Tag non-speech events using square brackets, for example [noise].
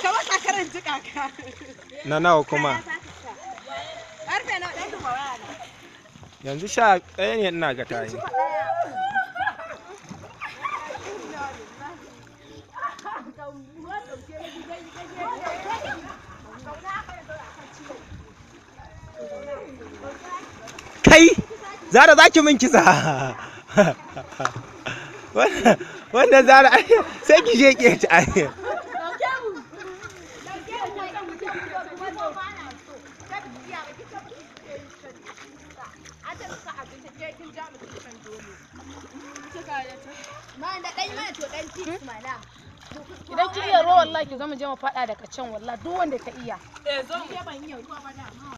ka na nawa kuma kai zara za ki min kisa [laughs] wannan zara sai ki je ke ta Idan kin iya ruwa wallahi zama je faɗa daga can wallahi duk wanda ka iya. Eh,